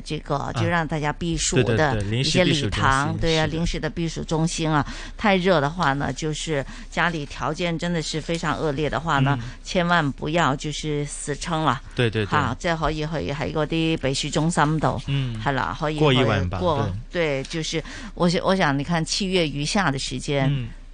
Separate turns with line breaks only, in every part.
這個就讓大家避暑的一些禮堂，啊、對呀，臨時的避暑中心啊。太熱的話呢，就是家裡條件真的是非常惡劣的話呢，嗯、千萬不要就是死撐了。
對對
對，哈，即可以去喺嗰啲避暑中心度，係啦、嗯，可以過，過一晚吧。對，對，就是我想，我想你看七月餘下的時間。嗯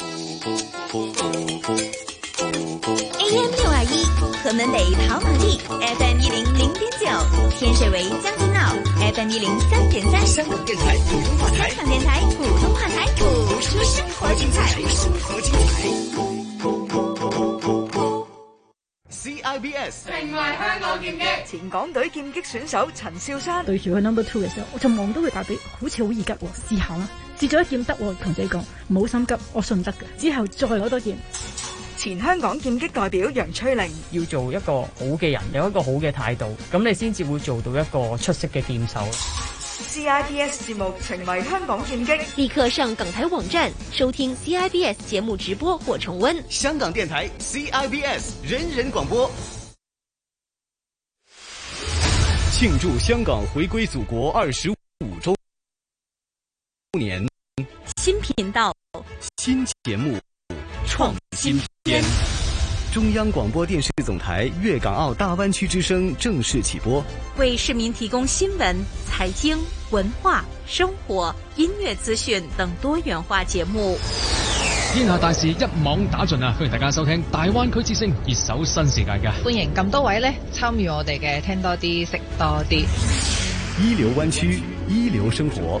AM 六二一，
河門北跑馬地；FM 一零零點九，天水圍將軍澳；FM 一零三點三。
香港電台普通話台，香港電台普通話台，活出生活精彩，生活精彩。CIBS，成為香港劍擊前港隊劍擊選手陳少山。
對住佢 number two 嘅時候，我就望到佢大髀，好似好易吉。思考啦。接咗一劍得，同仔講唔好心急，我信得嘅，之後再攞多劍。前香港劍擊代表楊翠玲，
要做一個好嘅人，有一個好嘅態度，咁你先至會做到一個出色嘅劍手。
CIBS 節目成為香港劍擊。立刻上港台網站收聽 CIBS 節目直播或重温。香港電台 CIBS 人人廣播，
慶祝香港回歸祖國二十五周年。
新頻道，
新節目，創新篇。中央廣播電視總台粵港澳大灣區之聲正式起播，
為市民提供新聞、財經、
文化、生活、音樂資訊等多元化節目。
天下大事一網打盡啊！歡迎大家收聽大灣區之聲，熱搜新世界嘅。噶
歡迎咁多位呢，參與我哋嘅聽多啲，食多啲。
一流灣區，一流生活。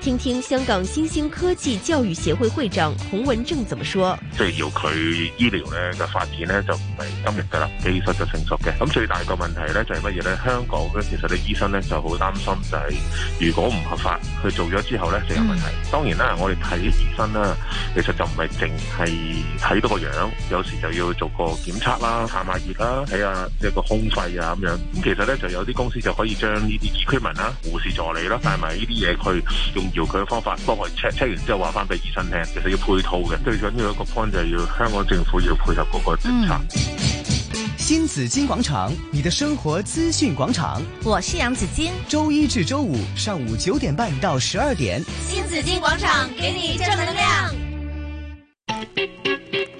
聽聽香港新興科技教育協會會長洪文正怎麼說：
即係要佢醫療咧嘅發展咧就唔係今日噶啦，技術就成熟嘅。咁最大個問題咧就係乜嘢咧？香港咧其實啲醫生咧就好擔心就係如果唔合法佢做咗之後咧就有問題。當然啦，我哋睇醫生啦，其實就唔係淨係睇到個樣，有時就要做個檢測啦、探下熱啦、睇下即係個胸肺啊咁樣。咁其實咧就有啲公司就可以將呢啲 equipment 啦、護士助理啦、帶埋呢啲嘢去用。要佢嘅方法幫佢 check，check 完之後話翻俾醫生聽，其實要配套嘅，最緊要一個 point 就係、是、要香港政府要配合嗰個政策。嗯、
新紫荊廣場，你的生活資訊廣場，我是楊子矜。周一至周五上午九點半到十二點，
新紫荊廣場給你正能量。嗯。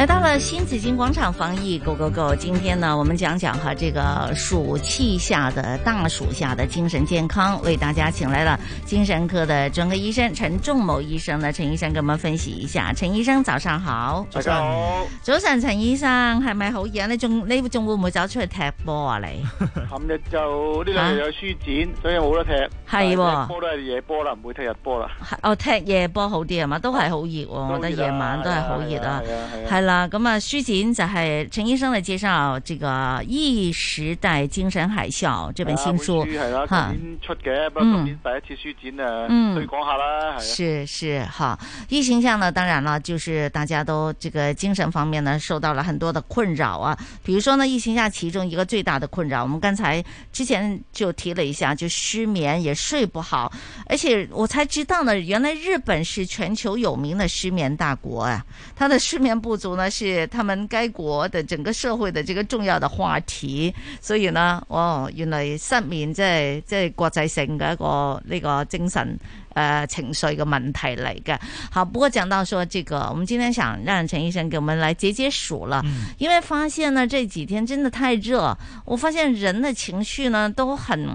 來到了新紫荊廣場防疫，go go go 今天呢，我們講講哈這個暑氣下的大暑下的精神健康，為大家請來了精神科的專科醫生陳仲謀醫生呢。陳醫生給我們分析一下。陳醫生，早上好。早上。好早晨早上，陳醫生，係咪好熱？你仲你仲會唔會走出去踢波啊？你。今 日就
呢兩日有書展，啊、所以冇得踢。係吧。波都係
夜波啦，唔會踢日波啦。哦，踢夜波好啲啊嘛，都係好熱、哦。熱啊、我覺得夜晚都係好熱啊。係啊咁啊書展就係陳醫生嚟介紹《這個疫時代精神海嘯》這本新書今年
出嘅，今年第一次書展啊，去講下啦，係、嗯。是
是，哈，疫情下呢，當然了，就是大家都這個精神方面呢，受到了很多的困擾啊。比如說呢，疫情下其中一個最大的困擾，我們剛才之前就提了一下，就失眠也睡不好，而且我才知道呢，原來日本是全球有名的失眠大國啊，他的失眠不足。是他們該國的整個社會的這個重要的話題，所以呢，哦，原來失眠即係即係國際性嘅一個呢個精神誒、呃、情緒嘅問題嚟嘅。好，不過講到說，這個我們今天想讓陳醫生給我們來解解暑啦，因為發現呢這幾天真的太熱，我發現人的情緒呢都很。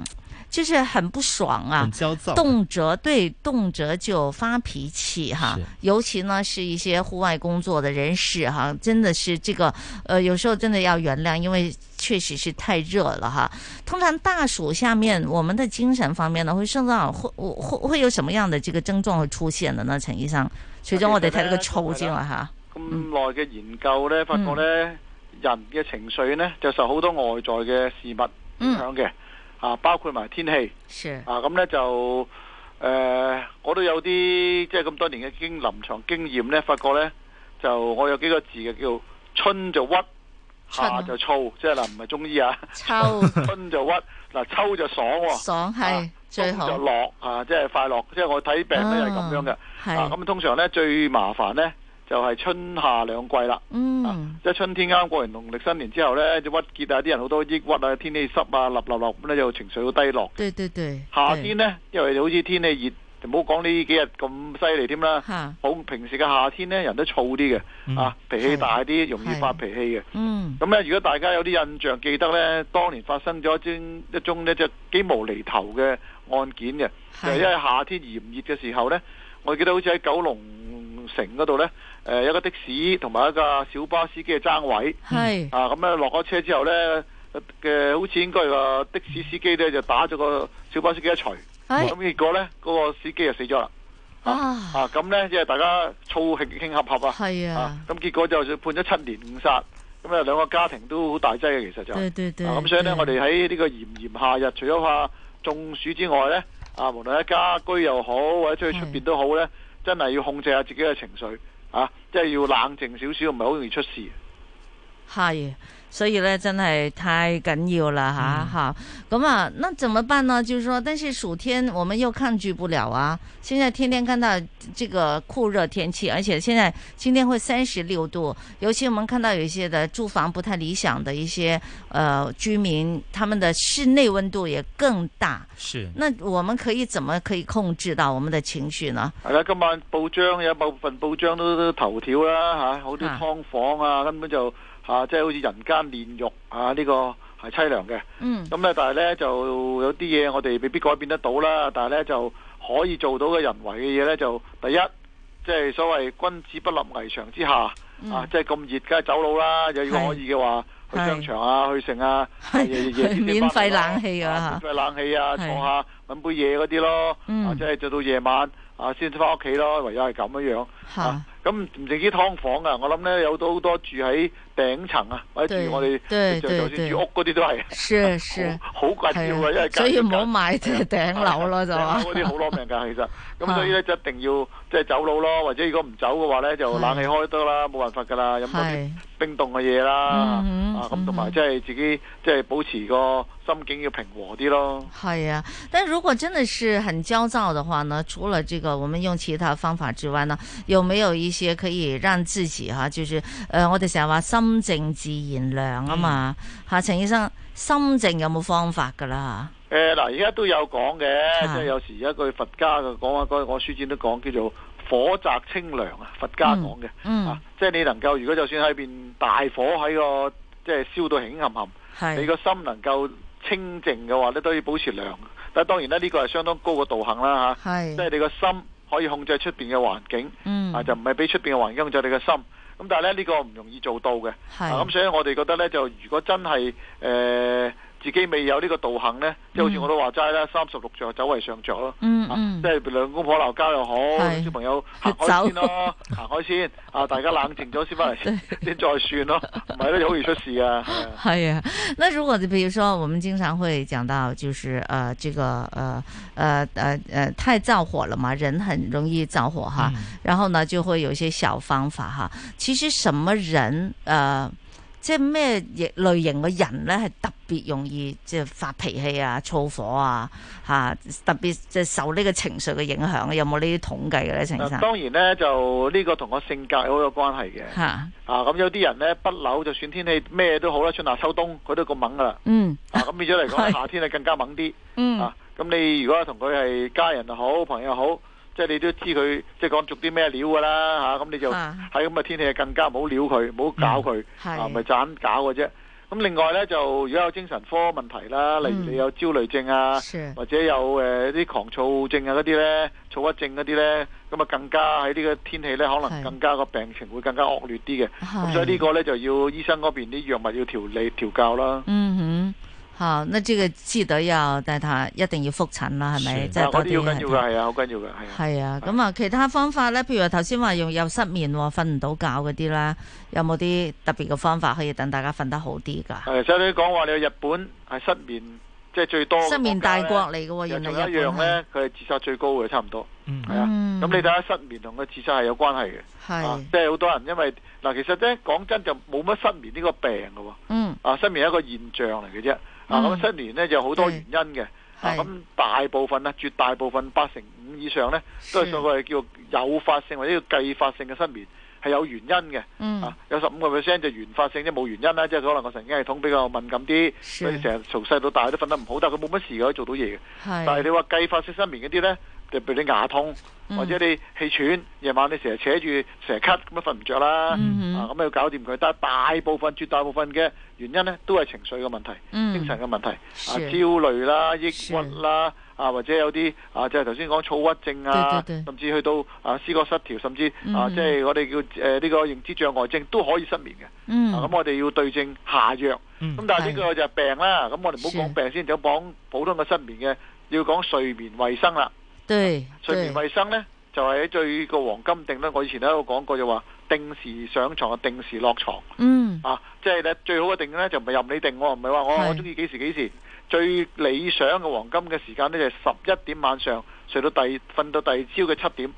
就是很不爽啊，很焦躁啊動輒對，動輒就發脾氣哈。是尤其呢，是一些戶外工作的人士哈，真的是這個，呃，有時候真的要原諒，因為確實是太熱了哈。通常大暑下面，我們的精神方面呢會受到會會會有什麼樣的這個症狀會出現的呢？陳醫生，所以我哋睇到個抽之了哈，
咁耐嘅研究呢，嗯、發覺呢，嗯、人嘅情緒呢，就受好多外在嘅事物影響嘅。嗯啊，包括埋天氣，是啊，咁、嗯、咧就誒、呃，我都有啲即係咁多年嘅經臨床經驗咧，發覺咧就我有幾個字嘅叫春就鬱，夏、啊、就燥，即係嗱，唔係中醫啊，秋春， 春就郁，嗱、啊、秋就爽，爽
係最好，冬就樂，
啊，即、就、係、是、快樂，即、就、係、是、我睇病咧係咁樣嘅，啊，咁通常咧最麻煩咧。就係春夏兩季啦，即係、嗯啊就是、春天啱過完農曆新年之後呢，就鬱結啊，啲人好多抑鬱啊，天氣濕啊，立立立咁呢就情緒好低落。對對對，夏天呢，對 因為好似天氣熱，唔好講呢幾日咁犀利添啦。好哈平時嘅夏天呢，人都燥啲嘅，嗯、啊，脾氣大啲，嗯、容易發脾氣嘅。的嗯，咁呢，如果大家有啲印象記得呢，當年發生咗一宗一宗咧，即幾無厘頭嘅案件嘅，的就因為夏天炎熱嘅時候呢，我記得好似喺九龍城嗰度呢。誒，呃、有一個的士同埋一個小巴司機嘅爭位，係是啊咁咧落咗車之後呢，呃、好似應該係個的士司機呢，就打咗個小巴司機一錘，咁是結果呢，嗰、那個司機就死咗啦、啊啊。啊咁呢，即係大家燥氣興合合啊，咁、啊啊嗯、結果就判咗七年誤殺，咁啊兩個家庭都好大劑嘅，其實就咁、是對啊、所以呢，我哋喺呢個炎炎夏日，除咗怕中暑之外呢，啊無論喺家居又好或者出去出邊都好呢，是真係要控制下自己嘅情緒。啊！即係要冷靜少少，唔係好容易出事。
係。所以呢，真係太緊要啦吓，哈咁、嗯、啊，那怎麼辦呢？就是說，但是暑天我們又抗拒不了啊。現在天天看到這個酷熱天氣，而且現在今天會三十六度，尤其我們看到有一些的住房不太理想的一些，呃，居民他們的室內温度也更大。是。那我們可以怎麼可以控制到我們的情緒呢？
係啦，今晚報章有部分報章都、都頭條啦，吓、啊，好多劏房啊，啊根本就。啊，即係好似人間煉獄啊！呢個係凄涼嘅。嗯。咁咧，但係咧就有啲嘢我哋未必改變得到啦。但係咧就可以做到嘅人為嘅嘢咧，就第一，即係所謂君子不立危牆之下。嗯、啊，即係咁熱，梗係走佬啦。有是如果可以嘅話，去商場啊，是去剩啊。係。夜免費冷
氣啊，啊！免
費冷氣啊，是坐下飲杯嘢嗰啲咯。嗯。或者係做到夜晚啊，先至翻屋企咯。唯有係咁樣樣。吓，咁唔止啲劏房啊，我諗咧有好多住喺頂層啊，或者住我哋就算住屋嗰啲都係，是是 好緊要啊，是因為所以唔
好買即係頂樓咯，就啊，嗰啲好攞
命噶，其實咁所以咧就一定要即係、就是、走佬咯，或者如果唔走嘅話咧就冷氣開得啦，冇是辦法噶啦，飲嗰啲冰凍嘅嘢啦，是啊咁同埋即係自己即係、就是、保持個心境要平和啲咯。
係啊，但如果真的是很焦躁嘅話呢？除了這個我們用其他方法之外呢？有冇有啲嘢可以讓自己嚇，就是誒、呃，我哋成日話心靜自然涼啊嘛嚇。陳、嗯、醫生，心靜有冇方法㗎喇嚇？嗱、
呃，而家都有講嘅，是即係有時一句佛家嘅講話，我書展都講叫做火宅清涼啊，佛家講嘅，嗯，啊、即係你能夠如果就算喺邊大火喺個即係燒到黑黑冚你個心能夠清靜嘅話，你都要保持涼。但係當然咧，呢、這個係相當高嘅道行啦嚇，是即係你個心。可以控制出邊嘅環境，嗯，啊，就唔係俾出邊嘅環境控制你嘅心。咁但係咧呢、呢個唔容易做到嘅，係咁是、啊、所以我哋覺得咧就如果真係誒。呃自己未有呢個道行呢，即係好似我都話齋啦，嗯、三十六著走為上著咯，嗯啊嗯、即係兩公婆鬧交又好，小朋友行開先咯，行開先，啊大家冷靜咗先翻嚟，先先再算咯，唔係咧好易出事啊。
係啊，那如果你，譬如說，我們經常會講到，就是誒、呃，這個誒誒誒誒太燥火了嘛，人很容易燥火哈，嗯、然後呢就會有些小方法哈，其實什麼人誒？呃即係咩類型嘅人呢？係特別容易即係發脾氣啊、燥火啊，吓特別就受呢個情緒嘅影響。有冇呢啲統計嘅咧，陳生、啊？當
然呢，就呢個同個性格好有關係嘅。吓的啊，咁有啲人呢，不嬲，就算天氣咩都好啦，春夏秋冬佢都咁猛噶啦。
嗯。
咁變咗嚟講，講的夏天啊更加猛啲。嗯。咁、啊、你如果同佢係家人又好，朋友好。即係你都知佢，即係講做啲咩料噶啦吓，咁你就喺咁嘅天氣更加唔好撩佢，唔好搞佢，嗯、啊咪盞是搞嘅啫。咁另外呢，就如果有精神科問題啦，例如你有焦慮症啊，嗯、或者有啲、呃、狂躁症啊嗰啲呢，躁鬱症嗰啲呢，咁啊更加喺呢個天氣呢，可能更加個病情會更加惡劣啲嘅。咁是所以呢個呢，就要醫生嗰邊啲藥物要調理調教啦。嗯
哼。吓、哦，那這個支隊又，但係一定要複診啦，係咪？係啊，我好緊要噶，係
啊，好緊要噶，
係啊。係啊，咁啊，其他方法咧，譬如話頭先話用又失眠，瞓唔到覺嗰啲啦，有冇啲特別嘅方法可以等大家瞓得好啲噶？
誒，所以你講話你日本係失眠，即係最多失眠大國嚟嘅。原來一樣咧，佢係自殺最高嘅，差唔多。嗯，係啊。咁你睇下失眠同個自殺係有關係嘅。係，即係好多人因為嗱，其實咧講真的就冇乜失眠呢個病嘅。嗯。啊，失眠係一個現象嚟嘅啫。啊咁失眠咧就有好多原因嘅，啊咁是大部分咧，絕大部分八成五以上咧，是都係所謂叫誘發性或者叫繼發性嘅失眠，係有原因嘅，嗯、啊有十五個 percent 就是、原發性即冇原因啦，即、就、係、是、可能個神經系統比較敏感啲，是所以成日從細到大都瞓得唔好，但係佢冇乜事嘅，可以做到嘢嘅，是但係你話繼發性失眠嗰啲咧。譬如你牙痛，或者你氣喘，夜晚你成日扯住，成日咳咁樣，瞓唔着啦。啊，咁要搞掂佢。但係大部分、絕大部分嘅原因咧，都係情緒嘅問題，精神嘅問題，啊焦慮啦、抑鬱啦，啊或者有啲啊，即係頭先講躁鬱症啊，甚至去到啊思覺失調，甚至啊即係我哋叫誒呢個認知障礙症都可以失眠嘅。啊，咁我哋要對症下藥。咁但係呢個就係病啦。咁我哋唔好講病先，就講普通嘅失眠嘅，要講睡眠衞生啦。
對睡眠衛
生呢，就係最個黃金定呢。我以前都有講過就話，定時上床啊，定時落床。嗯啊，即係咧最好嘅定呢，就唔係任你定，我唔係話我我中意幾時幾時。最理想嘅黃金嘅時間呢，就係十一點晚上睡到第瞓到第二朝嘅七點。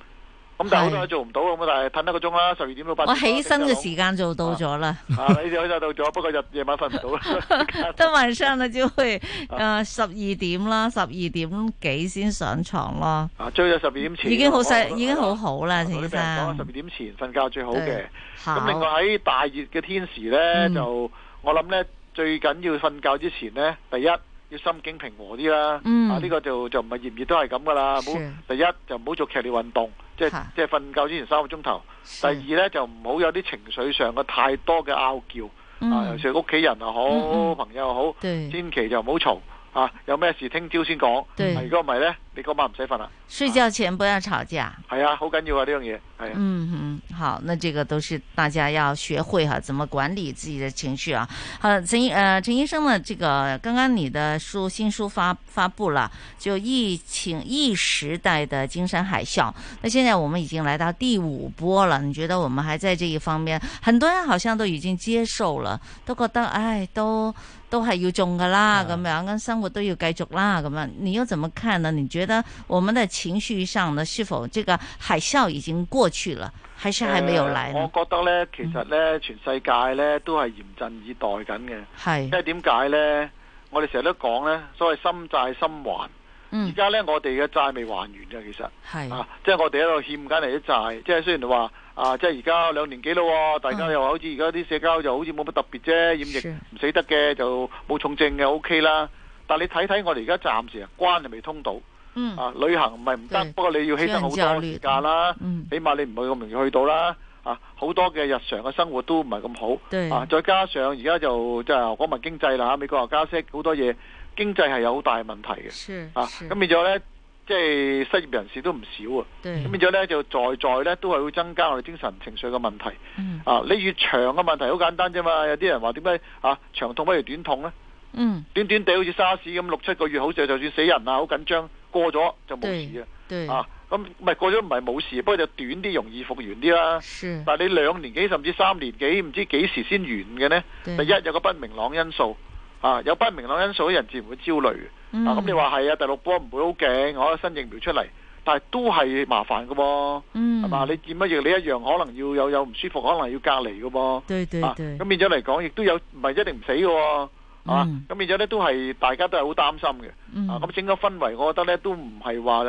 咁但係好多人都做唔到，咁但係瞓一個鐘啦，十二點到八點。我起身嘅時間做到咗啦。啊，呢啲喺晒不過日夜晚
瞓唔到。都瞓新啦，就去啊十二點啦，十二點幾先上床咯。啊，
追咗十二點前。已經好細，已經
好好啦，其實。十二
點前瞓覺最好嘅。咁另外喺大熱嘅天時咧，就我諗咧最緊要瞓覺之前咧，第一。要心境平和啲啦，嗯、啊呢、呢個就就唔係熱唔熱都係咁噶啦，唔好是第一就唔好做劇烈運動，就是啊、即係即係瞓覺之前三個鐘頭。是第二呢就唔好有啲情緒上嘅太多嘅拗撬，嗯、啊，尤其屋企人又好，嗯嗯、朋友又好，對千祈就唔好嘈，啊，有咩事聽朝先講，係如果唔係呢。你今晚唔使
瞓啦！睡，睡覺前不要吵架，係啊，
好緊、啊、要啊呢
樣嘢，係。啊、嗯嗯，好，那這個都是大家要學會哈、啊，怎麼管理自己的情緒啊？好，陳，呃，陳醫生呢？這個剛剛你的書新書發發佈了，就疫情疫時代的精神海嘯。那現在我們已經來到第五波了，你覺得我們還在這一方面？很多人好像都已經接受了，都覺得，唉、哎，都都係要種噶啦，咁樣跟生活都要繼續啦，咁樣，你又怎麼看呢？你覺？我們的情緒上呢，是否這個海嘯已經過去了，還是還沒有來呃？我
覺得呢，其實呢，全世界呢，都係嚴陣以待緊嘅。係、嗯，因為點解呢？我哋成日都講呢，所謂心債心還。而家、嗯、呢，我哋嘅債未還完嘅，其實係、嗯啊，即係我哋喺度欠緊你啲債。即係雖然話啊，即係而家兩年幾咯，大家又話好似而家啲社交就好似冇乜特別啫，嗯，染疫唔死得嘅是就冇重症嘅 O K 啦。但係你睇睇我哋而家暫時啊關係未通到。啊、嗯呃，旅行唔係唔得，對不過你要犧牲好多時間啦。嗯、起碼你唔會咁容易去到啦。啊，好多嘅日常嘅生活都唔係咁好。啊對、呃，再加上而家就即係講埋經濟啦。美國又加息很多東西，好多嘢經濟係有好大的問題嘅。是啊，咁變咗呢，即係失業人士都唔少啊。咁變咗呢，就在在呢都係會增加我哋精神情緒嘅問題。嗯、啊，你越長嘅問題好簡單啫嘛。有啲人話點解啊？長痛不如短痛呢？嗯、短短地好似沙士咁六七個月好，好似就算死人啊，好緊張。過咗就冇事了。對對啊，啊咁唔係過咗唔係冇事，不過就短啲容易復原啲啦，啊。是但係你兩年幾甚至三年幾，唔知幾時先完嘅呢？對第一有個不明朗因素，啊有不明朗因素啲人自然會焦慮。
嗯、啊咁你話
係啊，第六波唔會好勁，可能新疫苗出嚟，但係都係麻煩嘅，啊。嗯，
係嘛？你
見乜嘢？你一樣可能要有有唔舒服，可能要隔離嘅，啊。對對對，咁變咗嚟講，亦都有唔係一定唔死嘅，啊。啊，咁而且咧都係大家都係好擔心嘅，嗯、啊，咁整個氛圍我覺得咧都唔係話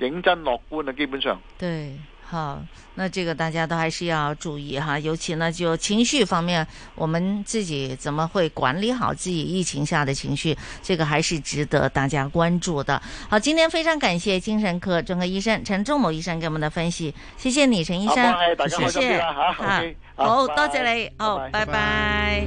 認真樂觀啊，基本上。對，好，
那這個大家都還是要注意哈，尤其呢就情緒方面，我們自己怎麼會管理好自己疫情下的情緒，這個還是值得大家關注的。好，今天非常感謝精神科專科醫生陳仲謀醫生給我們的分析，謝謝你，陳醫生。好，大家謝謝。哈、啊，啊、okay, 好，好多謝你，好、oh，拜拜。